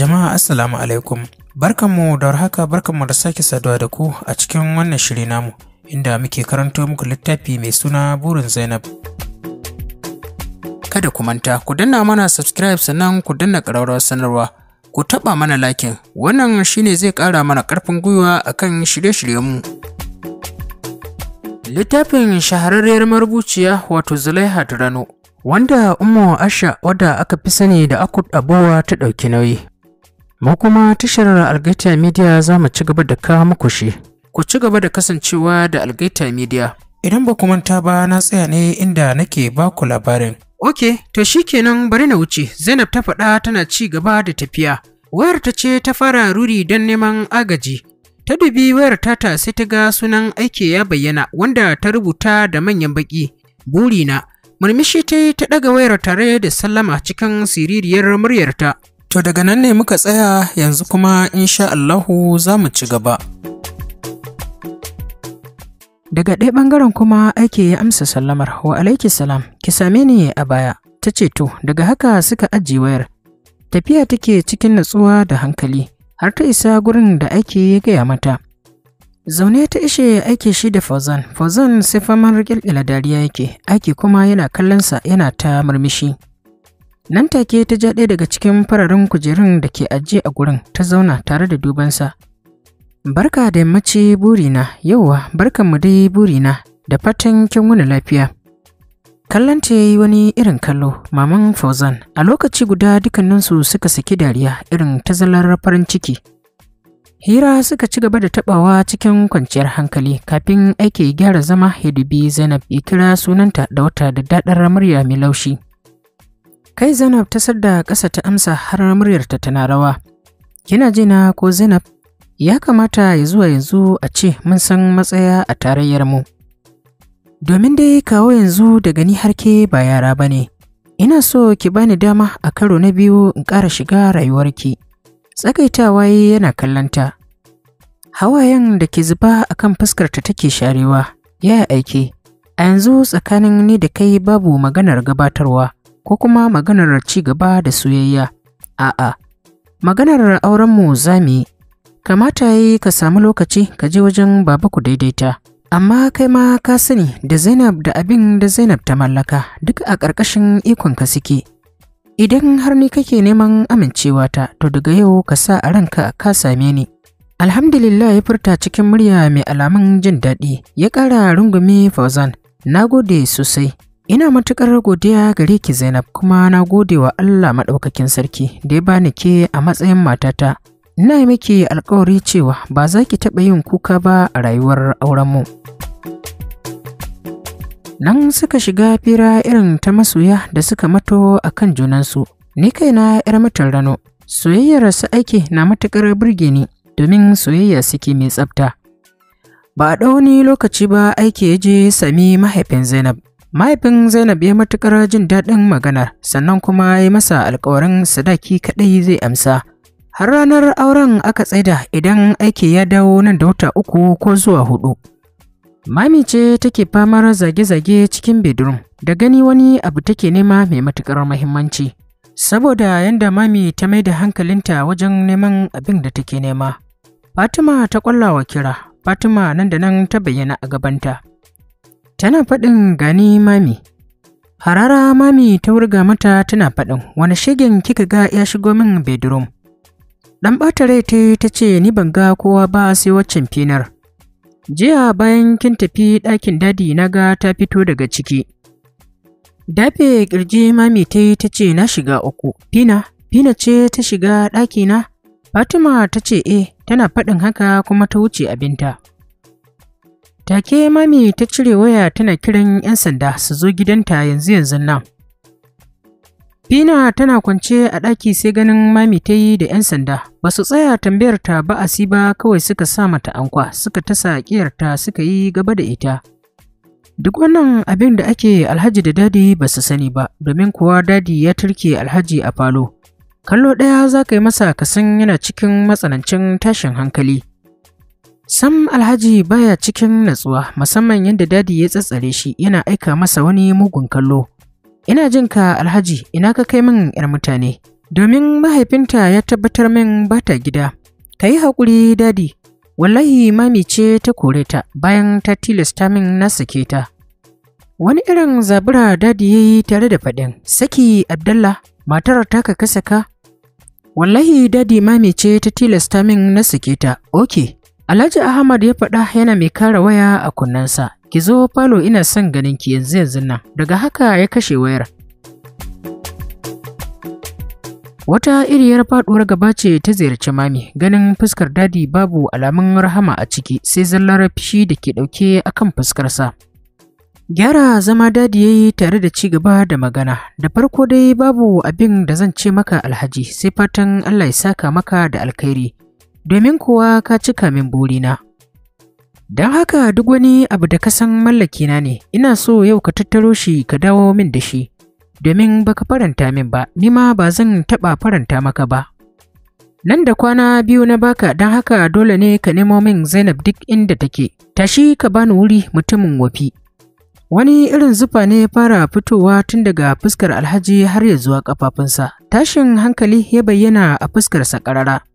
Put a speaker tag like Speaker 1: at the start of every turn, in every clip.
Speaker 1: Jama'a Assalamu alaikum. Barkanmu da warhaka barkanmu da sake saduwa da ku a cikin wannan shiri namu inda muke karanto muku littafi mai suna burin Zainab. Kada ku manta ku danna mana subscribe sannan ku danna ƙararrawar sanarwa. Ku taɓa mana lakin wannan shine zai ƙara mana ƙarfin gwiwa akan shirye-shiryenmu. Littafin shahararriyar marubuciya wato Zulaiha Rano wanda Ummu Asha wadda aka fi sani da Akut Abuwa ta ɗauki nauyi Mu kuma tashar Algaita Media za mu ci gaba da ka muku shi. Ku ci gaba da kasancewa da Algaita Media. Idan ba ku manta ba na tsaya ne inda nake ba ku labarin. Ok, to shi kenan bari na wuce. Zainab ta faɗa tana ci gaba da tafiya. Wayar ta ce ta fara ruri don neman agaji. Ta dubi wayar ta sai ta ga sunan aiki ya bayyana wanda ta rubuta da manyan baƙi. Burina, murmushi ta yi ta ɗaga wayar tare da sallama cikin siririyar muryarta. To daga nan ne muka tsaya yanzu kuma insha Allahu za mu ci gaba. Daga ɗaya ɓangaren kuma ake ya amsa sallamar wa alaiki salam ki same ni a baya ta ce to daga haka suka ajiye wayar. Tafiya take cikin natsuwa da hankali har ta isa gurin da ake ya gaya mata. Zaune ta ishe aiki shi da Fauzan, Fauzan sai faman ila dariya yake, aiki kuma yana kallonsa yana ta murmushi. Nan take ta ja ɗaya daga cikin fararen kujerun da ke ajiye a gurin ta zauna tare da dubansa. Barka da yammaci burina, yauwa barkan mu dai burina da fatan kin wuni lafiya. Kallon ta yi wani irin kallo, maman Fauzan, a lokaci guda dukkaninsu suka saki dariya irin ta zallar farin ciki. Hira suka ci gaba da tabawa cikin kwanciyar hankali kafin aiki gyara zama ya Zainab ya kira sunanta da wata da daɗar murya mai laushi. Kai Zainab ta sadda ƙasa ta amsa har muryarta tana rawa. Kina ji na ko Zainab? Ya kamata ya zuwa yanzu a ce mun san matsaya a tarayyar mu. Domin dai kawo yanzu daga ni har harke ba yara ba ne. Ina so ki bani dama a karo na biyu in ƙara shiga rayuwar rayuwarki. Tsakaitawa yana kallanta. Hawayen da ke zuba a kan fuskarta take sharewa, ya aiki. A yanzu tsakanin ni da kai babu maganar gabatarwa. ko kuma maganar ci gaba da soyayya. A'a, maganar aurenmu za mu yi. Kamata yi ka samu lokaci ka je wajen baba ku daidaita. Amma kai ma ka sani da Zainab da abin da Zainab ta mallaka duk a ƙarƙashin ikonka suke. Idan har ni kake neman amincewata to daga yau ka sa a ranka ka same ni. Alhamdulillah ya furta cikin murya mai alamun jin daɗi ya ƙara rungume Fauzan. Na gode sosai. Ina matuƙar godiya gare ki Zainab kuma na gode wa Allah maɗaukakin sarki da ya bani ke a matsayin matata. Ina yi miki alkawari cewa ba za ki taɓa yin kuka ba a rayuwar aurenmu. Nan suka shiga fira irin ta masoya da suka mato a kan junansu. Ni kaina 'yar mutan rano, soyayyar su aiki na matuƙar burge ni domin soyayya suke mai tsafta. Ba a ɗau ni lokaci ba aiki ya je sami mahaifin Zainab Mahaifin Zainab ya matukar jin daɗin maganar, sannan kuma ya masa alƙawarin sadaki kaɗai zai amsa. Har ranar auren aka tsaida idan aiki ya dawo nan da wata uku ko zuwa hudu. Mami ce take famar zage-zage cikin bedroom, da gani wani abu take nema mai matuƙar mahimmanci. Saboda yadda mami ta mai da hankalinta wajen neman abin da take nema. Fatima ta kwallawa kira, Fatima nan da nan ta bayyana a gabanta. Tana faɗin gani mami. Harara mami ta wurga mata tana faɗin wani shigin kika ga ya shigo min bedroom. Ɗan ɓata rai ta ce ni ban ga kowa ba sai waccan finar. Jiya bayan kin tafi ɗakin dadi na ga ta fito daga ciki. Dafe ƙirji mami ta ta ce na shiga uku. Fina, Fina ce ta shiga ɗakina? Fatima ta ce eh tana faɗin haka kuma ta wuce abinta. Take mami ta cire waya tana kiran 'yan sanda su zo gidanta yanzu yanzu nan. Fina tana kwance a ɗaki sai ganin mami ta yi da 'yan sanda, ba su tsaya tambayar ta ba a si ba kawai suka sa mata ankwa suka tasa ta suka yi gaba da ita. Duk wannan abin da ake alhaji da dadi ba su sani ba, domin kuwa dadi ya turke alhaji a falo. Kallo ɗaya za ka yi masa kasan yana cikin matsanancin tashin hankali. Sam Alhaji baya cikin natsuwa musamman yadda dadi ya tsatsare shi yana aika masa wani mugun kallo. Ina jin ka Alhaji ina ka kai min 'yar mutane domin mahaifinta ya tabbatar min ba ta gida. Ka yi haƙuri dadi wallahi mami ce ta kore ta bayan ta tilasta min na sake ta. Wani irin zabura dadi ya yi tare da faɗin saki Abdallah matar ta ka saka. Wallahi dadi mami ce ta tilasta min na sake ta, Okay. Alhaji Ahmad ya faɗa yana mai kara waya a sa- « Ki zo falo ina son ganin ki yanzu yanzu nan. Daga haka ya kashe wayar. Wata iriyar faɗuwar gaba ce ta ziyarci mami ganin fuskar dadi babu alamun rahama a ciki sai zallar fishi da ke ɗauke akan fuskarsa. Gyara zama dadi ya yi tare da ci gaba da magana, da farko dai babu abin da zan ce maka alhaji sai fatan Allah ya saka maka da alkhairi. domin kuwa ka cika min burina. Don haka duk wani abu da kasan san mallakina ne, ina so yau ka tattaro shi ka dawo min da shi, domin ba ka faranta min ba, nima ba zan taɓa faranta maka ba. Nan da kwana biyu na baka don haka dole ne ka nemo min Zainab duk inda take, tashi ka bani wuri mutumin wafi. Wani irin zufa ne fara fitowa tun daga fuskar alhaji har ya zuwa ƙafafunsa, tashin hankali ya bayyana a fuskarsa ƙarara.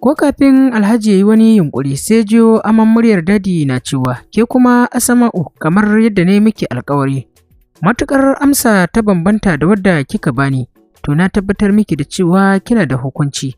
Speaker 1: Ko kafin Alhaji ya yi wani yunƙuri sai jiyo aman muryar dadi na cewa ke kuma Asama'u kamar yadda ne miki alkawari. Matuƙar amsa ta bambanta da wadda kika bani, to na tabbatar miki da cewa kina da hukunci.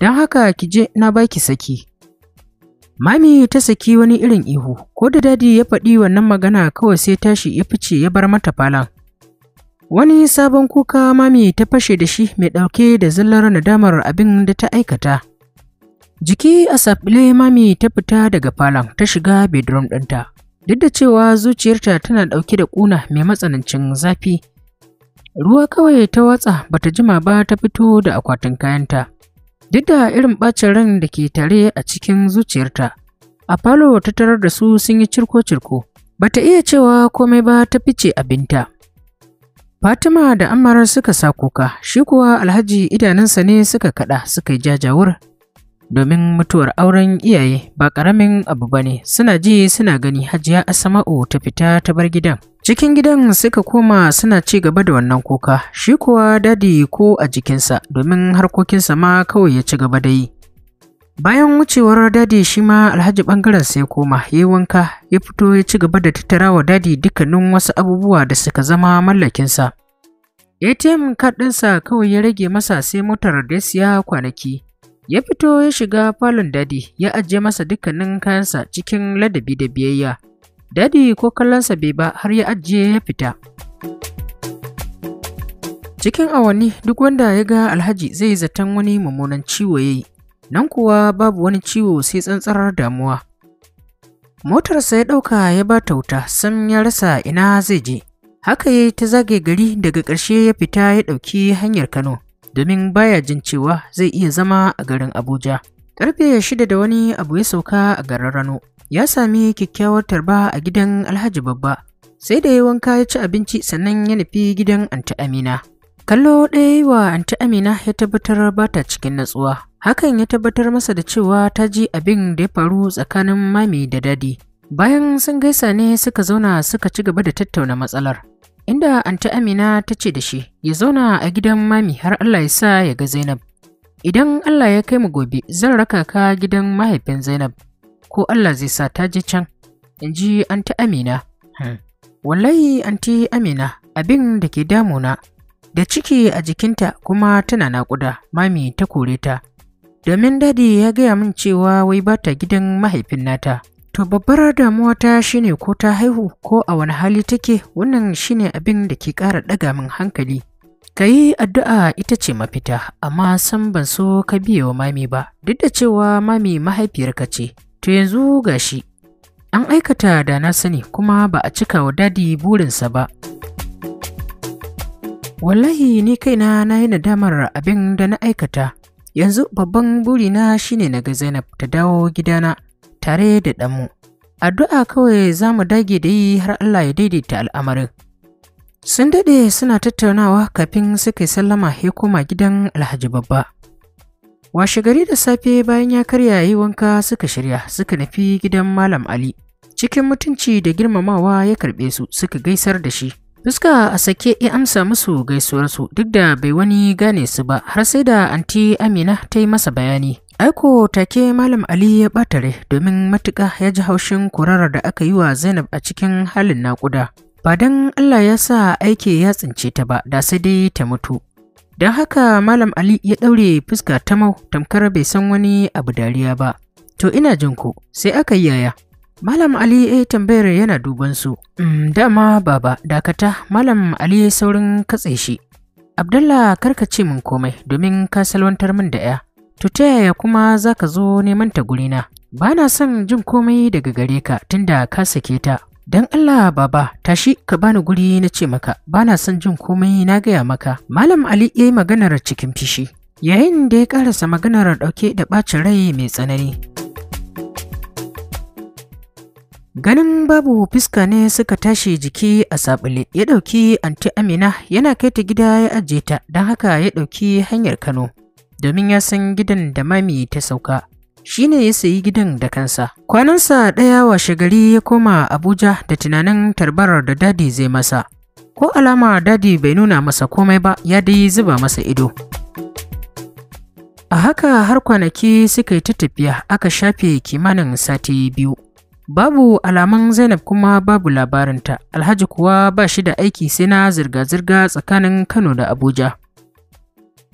Speaker 1: Don haka ki je na baki saki. Mami ta saki wani irin ihu, ko da dadi ya faɗi wannan magana kawai sai tashi ya fice ya bar mata falon. Wani sabon kuka mami ta fashe da shi mai ɗauke da zallar nadamar abin da ta aikata. Jiki a saɓile mami ta fita daga falon ta shiga bedroom ɗinta. Duk da cewa zuciyarta tana ɗauke da ƙuna mai matsanancin zafi. Ruwa kawai ta watsa bata jima ba ta fito da akwatin kayanta. Duk da irin ɓacin ran da ke tare a cikin zuciyarta, a falo ta tarar da su sun yi cirko-cirko. Bata iya cewa komai ba ta fice abinta. Fatima da amara suka sa kuka, shi kuwa Alhaji idanunsa ne suka kaɗa suka yi jajawar. domin mutuwar auren iyaye ba ƙaramin abu ba ne suna ji suna gani hajiya asama'u ta fita ta bar gidan cikin gidan suka koma suna ci gaba da wannan kuka shi kuwa dadi ko a jikinsa domin harkokinsa ma kawai ya ci gaba da yi bayan wucewar dadi shi ma alhaji bangaren sai koma ya yi wanka ya fito ya ci gaba da tattara wa dadi dukkanin wasu abubuwa da suka zama mallakinsa ATM card ɗinsa kawai ya rage masa sai motar da ya siya kwanaki. Ya fito ya shiga falon dadi ya ajiye masa dukkanin kayansa cikin ladabi da biyayya. Dadi ko kallonsa bai ba har ya ajiye ya fita. Cikin awanni duk wanda ya ga Alhaji zai zaton wani mummunan ciwo ya yi, nan kuwa babu wani ciwo sai tsantsarar damuwa. Motarsa ya ɗauka ya ba ta wuta sam ya rasa ina zai je. Haka ya ta zage gari daga ƙarshe ya fita ya ɗauki hanyar Kano. domin baya jin cewa zai iya zama a garin Abuja. Karfe shida da wani abu ya sauka a garin Rano, ya sami kyakkyawar tarba a gidan Alhaji Babba, sai da ya wanka ya ci abinci sannan ya nufi gidan Anta Amina. Kallo ɗaya wa Anta Amina ya tabbatar ba ta cikin natsuwa, hakan ya tabbatar masa da cewa ta ji abin da ya faru tsakanin mami da dadi. Bayan sun gaisa ne suka zauna suka ci gaba da tattauna matsalar. inda anta Amina ta ce da shi ya zauna a gidan mami har Allah ya sa ya ga Zainab. Idan Allah ya kai mu gobe zan raka ka gidan mahaifin Zainab ko Allah zai sa ta ji can. Inji ji anta Amina. Hmm. Wallahi anti Amina abin da ke damuna da ciki a jikinta kuma tana naƙuda mami ta kore ta. Domin dadi ya gaya min cewa wai ba ta gidan mahaifin nata. To babbar damuwa ta shine ko ta haihu ko a wani hali take wannan shine abin da ke ƙara ɗaga min hankali. Ka yi addu'a ita ce mafita, amma san ban so ka biye wa mami ba, duk da cewa mami mahaifiyarka ce, to yanzu gashi. An aikata da na sani kuma ba a cika wa dadi burinsa ba. Wallahi ni kaina na yi nadamar abin da na aikata, yanzu babban burina shine na ga Zainab ta dawo gidana. tare da ɗanmu. Addu'a kawai za mu dage da yi har Allah ya daidaita al'amarin. Sun daɗe suna tattaunawa kafin suka yi sallama ya koma gidan Alhaji Babba. Washe gari da safe bayan ya karya yi wanka suka shirya suka nafi gidan Malam Ali. Cikin mutunci da girmamawa ya karɓe su suka gaisar da shi. Fuska a sake ya amsa musu gaisuwarsu duk da bai wani gane su ba har sai da anti Amina ta yi masa bayani. Aiko take Malam Ali ya ɓatare domin matuƙa ya ji haushin kurarar da aka yi wa Zainab a cikin halin naƙuda. Ba don Allah ya sa aiki ya tsince ta ba, da sai dai ta mutu. Don haka Malam Ali ya ɗaure fuska ta mau tamkar bai san wani abu dariya ba. To ina jin ku, sai aka yi yaya. Malam Ali ya eh, tambayar yana duban su. Mm, dama baba, dakata, Malam Ali ya saurin katse shi. kar ka ce min komai domin ka salwantar min da 'ya. To ta yaya kuma zaka zo neman ta gurina? Ba na son jin komai daga gare ka tunda ka sake ta. dan Allah baba tashi ka bani guri na ce maka ba na son jin komai na gaya maka. Malam Ali ya yi maganar cikin fishi. Yayin da ya karasa maganar ɗauke da ɓacin rai mai tsanani. Ganin babu fuska ne suka tashi jiki a sabule ya ɗauki anti Amina yana kai ta gida ya ajiye ta don haka ya ɗauki hanyar Kano. domin ya san gidan da mami ta sauka shi ne ya sayi gidan da kansa kwanansa ɗaya washe gari ya koma abuja da tunanin tarbarar da dadi zai masa ko alama dadi bai nuna masa komai ba ya dai zuba masa ido a haka har kwanaki suka yi ta tafiya aka shafe kimanin sati biyu babu alaman zainab kuma babu labarinta alhaji kuwa ba shi da aiki sai na zirga-zirga tsakanin kano da abuja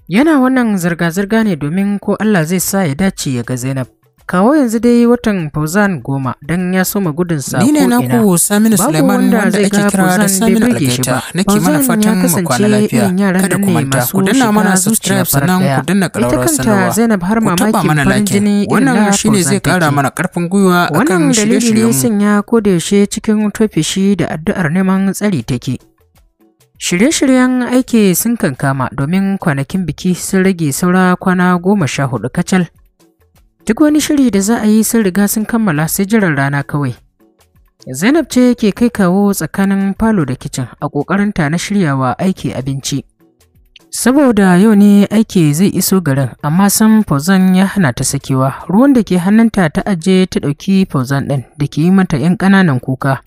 Speaker 1: Yana wannan zirga-zirga ne domin ko Allah zai sa ya dace ya ga Zainab. Kawo yanzu dai watan Fauzan goma don ya soma gudun sa Ni ne na ku Saminu Suleiman wanda ake kira da Saminu Algaita. Nake mana fatan mu kwana lafiya. Kada ku manta ku danna mana subscribe sannan ku danna kalawar sanarwa. Zainab har mana farin jini Wannan shine zai kara mana karfin gwiwa akan shirye-shiryen mu. Wannan dalili ne sun ya da cikin tofishi da addu'ar neman tsari take. Shirye-shiryen aiki sun kankama domin kwanakin biki sun rage saura kwana goma sha hudu kacal. Duk wani shiri da za a yi sun riga sun kammala sai jiran rana kawai. Zainab ce ke kai kawo tsakanin falo da kicin a ƙoƙarinta na shiryawa aiki abinci. Saboda yau ne aiki zai iso garin, amma san Fauzan ya hana ta sakewa, ruwan da ke hannunta ta aje ta ɗauki Fauzan ɗin da ke yi mata ‘yan ƙananan kuka.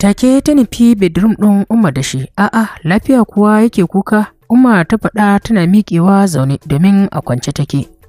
Speaker 1: Take ta nufi bedroom ɗin Umma da shi, a'a lafiya kuwa yake kuka, Umma ta faɗa tana miƙewa zaune domin a kwance take.